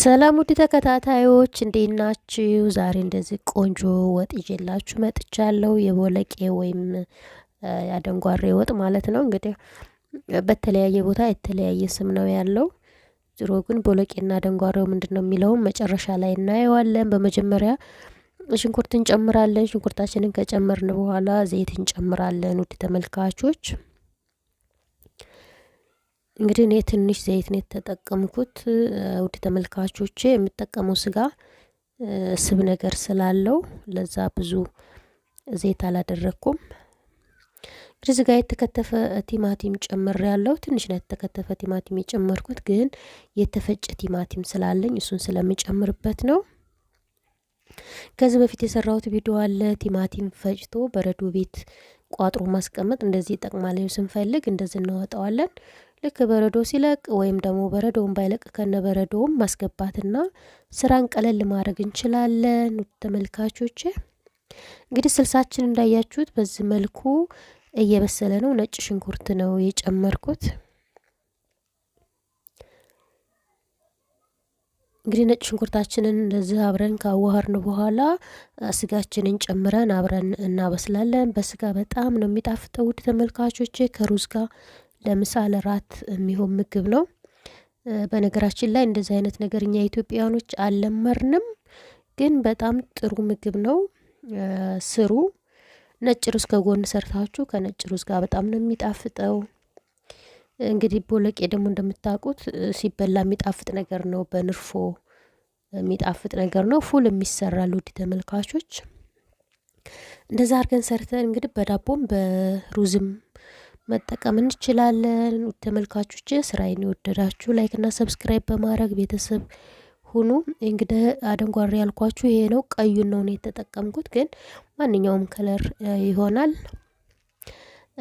ሰላም ውድ ተከታታዮች እንዴት ናችሁ? ዛሬ እንደዚህ ቆንጆ ወጥ ይዤላችሁ መጥቻለሁ። የቦለቄ ወይም ያደንጓሬ ወጥ ማለት ነው። እንግዲህ በተለያየ ቦታ የተለያየ ስም ነው ያለው። ዝሮ ግን ቦለቄና ደንጓሬው ምንድን ነው የሚለውም መጨረሻ ላይ እናየዋለን። በመጀመሪያ ሽንኩርት እንጨምራለን። ሽንኩርታችንን ከጨመርን በኋላ ዘይት እንጨምራለን። ውድ ተመልካቾች እንግዲህ እኔ ትንሽ ዘይት ነው የተጠቀምኩት። ውድ ተመልካቾች የምጠቀመው ስጋ ስብ ነገር ስላለው ለዛ ብዙ ዘይት አላደረግኩም። እንግዲህ ስጋ የተከተፈ ቲማቲም ጨምር ያለው ትንሽ ነው የተከተፈ ቲማቲም የጨመርኩት፣ ግን የተፈጨ ቲማቲም ስላለኝ እሱን ስለምጨምርበት ነው። ከዚህ በፊት የሰራሁት ቪዲዮ አለ። ቲማቲም ፈጭቶ በረዶ ቤት ቋጥሮ ማስቀመጥ እንደዚህ ይጠቅማል። ስንፈልግ እንደዚህ እናወጣዋለን። ልክ በረዶ ሲለቅ ወይም ደግሞ በረዶውን ባይለቅ ከነ በረዶውም ማስገባትና ስራን ቀለል ማድረግ እንችላለን። ተመልካቾች እንግዲህ ስልሳችን እንዳያችሁት በዚህ መልኩ እየበሰለ ነው። ነጭ ሽንኩርት ነው የጨመርኩት። እንግዲህ ነጭ ሽንኩርታችንን እንደዚህ አብረን ካዋሃርን በኋላ ስጋችንን ጨምረን አብረን እናበስላለን። በስጋ በጣም ነው የሚጣፍጠው ውድ ተመልካቾቼ ከሩዝ ጋር ለምሳ ለራት የሚሆን ምግብ ነው። በነገራችን ላይ እንደዚህ አይነት ነገር እኛ ኢትዮጵያውያኖች አልለመርንም። ግን በጣም ጥሩ ምግብ ነው። ስሩ። ነጭ ሩዝ ከጎን ሰርታችሁ ከነጭ ሩዝ ጋር በጣም ነው የሚጣፍጠው። እንግዲህ ቦለቄ ደግሞ እንደምታውቁት ሲበላ የሚጣፍጥ ነገር ነው። በንርፎ የሚጣፍጥ ነገር ነው። ፉል የሚሰራል። ውድ ተመልካቾች እንደዛ አድርገን ሰርተን እንግዲህ በዳቦም በሩዝም መጠቀም እንችላለን። ተመልካቾች ስራዬን የወደዳችሁ ላይክና ሰብስክራይብ በማድረግ ቤተሰብ ሁኑ። እንግዲህ አደንጓሬ ያልኳችሁ ይሄ ነው። ቀዩን ነው የተጠቀምኩት፣ ግን ማንኛውም ከለር ይሆናል።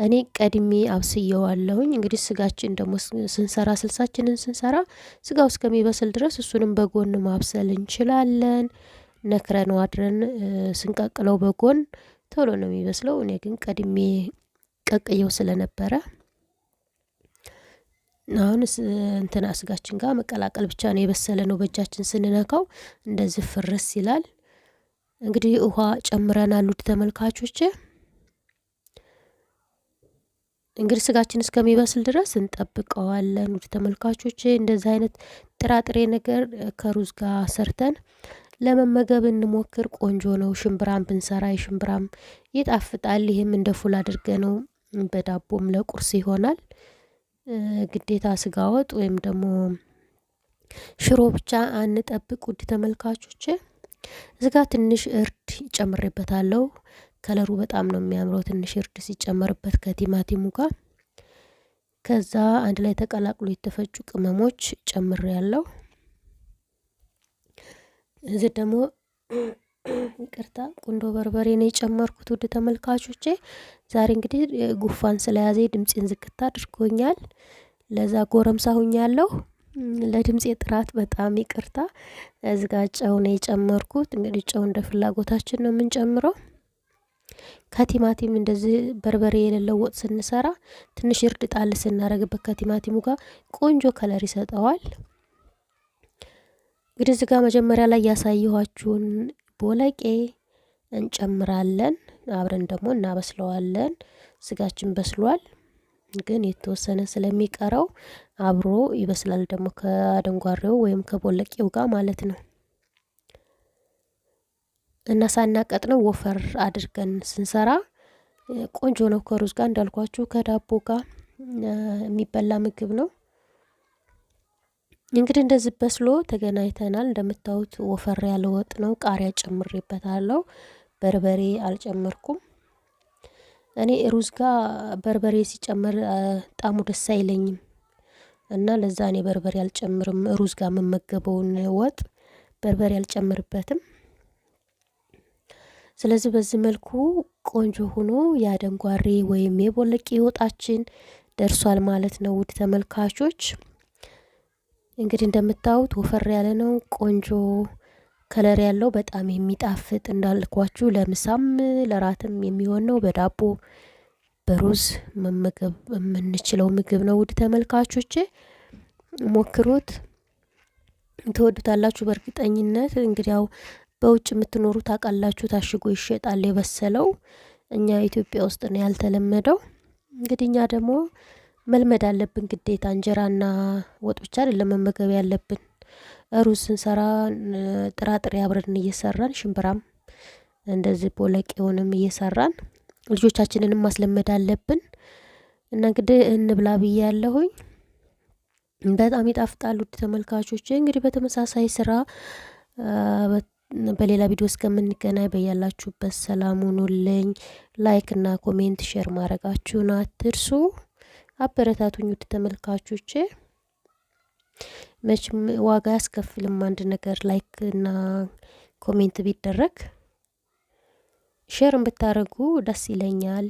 እኔ ቀድሜ አብስየዋለሁኝ። እንግዲህ ስጋችን ደግሞ ስንሰራ ስልሳችንን ስንሰራ ስጋው እስከሚበስል ድረስ እሱንም በጎን ማብሰል እንችላለን። ነክረን አድረን ስንቀቅለው በጎን ቶሎ ነው የሚበስለው። እኔ ግን ቀድሜ ቀቅየው ስለነበረ አሁን እንትን ስጋችን ጋር መቀላቀል ብቻ ነው። የበሰለ ነው። በእጃችን ስንነካው እንደዚህ ፍርስ ይላል። እንግዲህ ውሃ ጨምረናል። ውድ ተመልካቾች እንግዲህ ስጋችን እስከሚበስል ድረስ እንጠብቀዋለን። ውድ ተመልካቾች እንደዚህ አይነት ጥራጥሬ ነገር ከሩዝ ጋር ሰርተን ለመመገብ እንሞክር። ቆንጆ ነው። ሽምብራም ብንሰራ የሽምብራም ይጣፍጣል። ይህም እንደ ፉል አድርገ ነው በዳቦም ለቁርስ ይሆናል። ግዴታ ስጋ ወጥ ወይም ደግሞ ሽሮ ብቻ አንጠብቅ ውድ ተመልካቾች ስጋ ትንሽ እርድ ይጨምርበታለው ከለሩ በጣም ነው የሚያምረው ትንሽ እርድ ሲጨመርበት ከቲማቲሙ ጋር። ከዛ አንድ ላይ ተቀላቅሎ የተፈጩ ቅመሞች ጨምር ያለው እዚህ ደግሞ ይቅርታ ቁንዶ በርበሬ ነው የጨመርኩት። ውድ ተመልካቾቼ ዛሬ እንግዲህ ጉፋን ስለያዘ ድምፄን ዝክታ አድርጎኛል። ለዛ ጎረምሳ ሁኛለሁ። ለድምፄ ጥራት በጣም ይቅርታ። እዚህ ጨው ነው የጨመርኩት። እንግዲህ ጨው እንደ ፍላጎታችን ነው የምንጨምረው። ከቲማቲም እንደዚህ በርበሬ የሌለው ወጥ ስንሰራ ትንሽ እርድ ጣል ስናደርግበት ከቲማቲሙ ጋር ቆንጆ ከለር ይሰጠዋል። እንግዲህ እዚህ መጀመሪያ ላይ ያሳየኋችሁን ቦለቄ እንጨምራለን። አብረን ደግሞ እናበስለዋለን። ስጋችን በስሏል፣ ግን የተወሰነ ስለሚቀረው አብሮ ይበስላል ደግሞ ከአደንጓሬው ወይም ከቦለቄው ጋር ማለት ነው። እና ሳናቀጥ ነው ወፈር አድርገን ስንሰራ ቆንጆ ነው። ከሩዝ ጋር እንዳልኳችሁ ከዳቦ ጋር የሚበላ ምግብ ነው። እንግዲህ እንደዚህ በስሎ ተገናኝተናል። እንደምታዩት ወፈር ያለ ወጥ ነው። ቃሪያ ጨምሬበታለሁ። በርበሬ አልጨመርኩም። እኔ ሩዝ ጋር በርበሬ ሲጨመር ጣሙ ደስ አይለኝም እና ለዛ እኔ በርበሬ አልጨምርም። ሩዝ ጋር የምመገበውን ወጥ በርበሬ አልጨምርበትም። ስለዚህ በዚህ መልኩ ቆንጆ ሆኖ የአደንጓሬ ወይም የቦለቄ ወጣችን ደርሷል ማለት ነው ውድ ተመልካቾች። እንግዲህ እንደምታዩት ወፈር ያለ ነው፣ ቆንጆ ከለር ያለው በጣም የሚጣፍጥ እንዳልኳችሁ ለምሳም ለራትም የሚሆን ነው። በዳቦ በሩዝ መመገብ የምንችለው ምግብ ነው። ውድ ተመልካቾቼ ሞክሮት ትወዱታላችሁ በእርግጠኝነት። እንግዲያው በውጭ የምትኖሩ ታውቃላችሁ፣ ታሽጎ ይሸጣል የበሰለው። እኛ ኢትዮጵያ ውስጥ ነው ያልተለመደው። እንግዲህ እኛ ደግሞ መልመድ አለብን ግዴታ። እንጀራና ወጥ ብቻ አይደለም መመገብ ያለብን። ሩዝ ስንሰራ ጥራጥሬ አብረን እየሰራን ሽምብራም እንደዚህ ቦለቄውንም እየሰራን ልጆቻችንንም ማስለመድ አለብን። እና እንግዲህ እንብላ ያለሁኝ በጣም ይጣፍጣል። ውድ ተመልካቾች እንግዲህ በተመሳሳይ ስራ በሌላ ቪዲዮ እስከምንገናኝ በያላችሁበት ሰላም ሁኑልኝ። ላይክ እና ኮሜንት ሼር ማድረጋችሁን አትርሱ። አበረታቱኝ ውድ ተመልካቾች። መቼም ዋጋ ያስከፍልም አንድ ነገር ላይክ እና ኮሜንት ቢደረግ ሼርም ብታደርጉ ደስ ይለኛል።